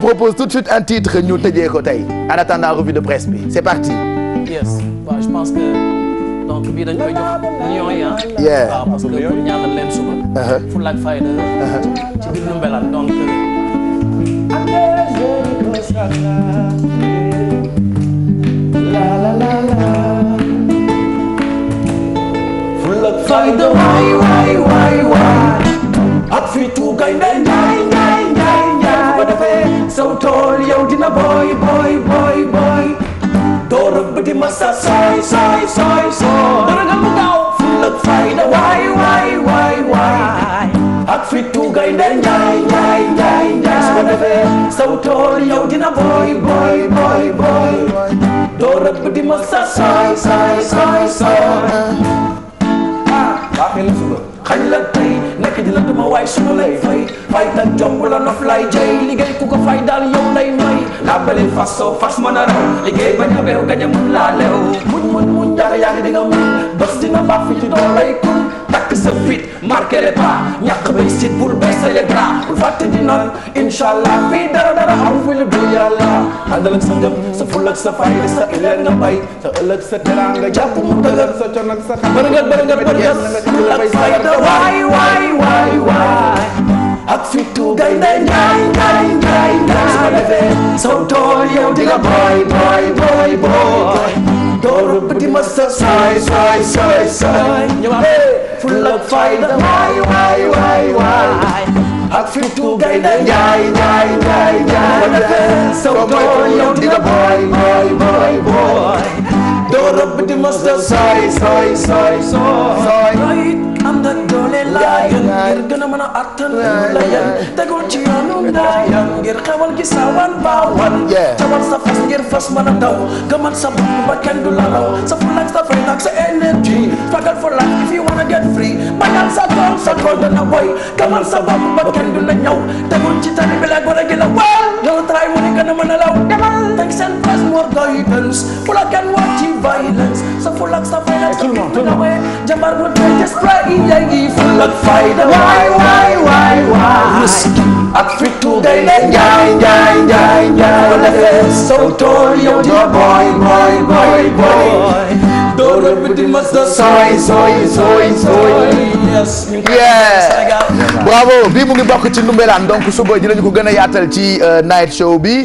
propose tout de suite un titre ñu tëjee ko tey en attendant revue de presse bi c'est parti. yes waaw je pense que donc bii dañ koy jox lion yi ah. waaw parce que pour ñaanal leen suba. Uh-huh. full ak fayda. Uh-huh. ci biir Ndoumbelane donc. Euh, full ak fayda fitu gaynde njaay njaay njaay njaay su ko defee saw tool yow dina booy booy booy booy doo rëbb di ma sa saay saay saay saay baaxee la suba xañ la tey nekk di la duma waay suba lay fay fay tak jomb la nof lay jay liggéey ku ko fay daal yow lay may la belle façon fas mën a raw liggéey bañ a beew gañe mun laa leew muñ muñ muñ jaga yaa ngi di nga muñ bés dina baax fi ci doo lay ko vite marquez les pas ñàkk bay sit bul baisser les bras bul fàtte di naan incha allah fii dara dara am fi lu dul yàlla àndal ak sa ngëm sa ful ak sa fayda sa ileer nga bay sa ëllëg sa teraanga jàpp mu dëgër sa con ak sa xam bërëngat bërëngat bërëngat ful ak fayda waay waay waay waay ak fitu gaynde njaay njaay njaay njaay su ko defee saw tool yow di nga boy boy boy boy dooru bëti ma sa saay saay saay saay waay waay ak surtout gaynde njaay di nga booy booy booy booy doo rëbb di mos a sooy sooy am na doole laayan ngir gën a mën attan layan tegul ci yoonu ndaayan ngir sa fas ngir sa bopp ba sa fulak sa sa énergie fagal if you wanna get free bañal sa tool sa tool dana boy kamal sa bopp ba kenn du la ñaw tegul ci tali bi la gore gi la wéel yow try mu ne gën a mën a law demal teg seen place more guidance bu la kenn wax ci violence sa ful ak sa fayda sa biir bi la wee jabar bu tey just pray yaa ngi ful ak fayda waay waay waay waay ak fitu gay ne njaay njaay njaay njaay la fee sow tool yow di boy boy boy boy bët bi di mës a sooy sooy bii mu ngi bokk ci Ndoumbelane donc suba dinañu ko gën a yaatal ci euh, night show bi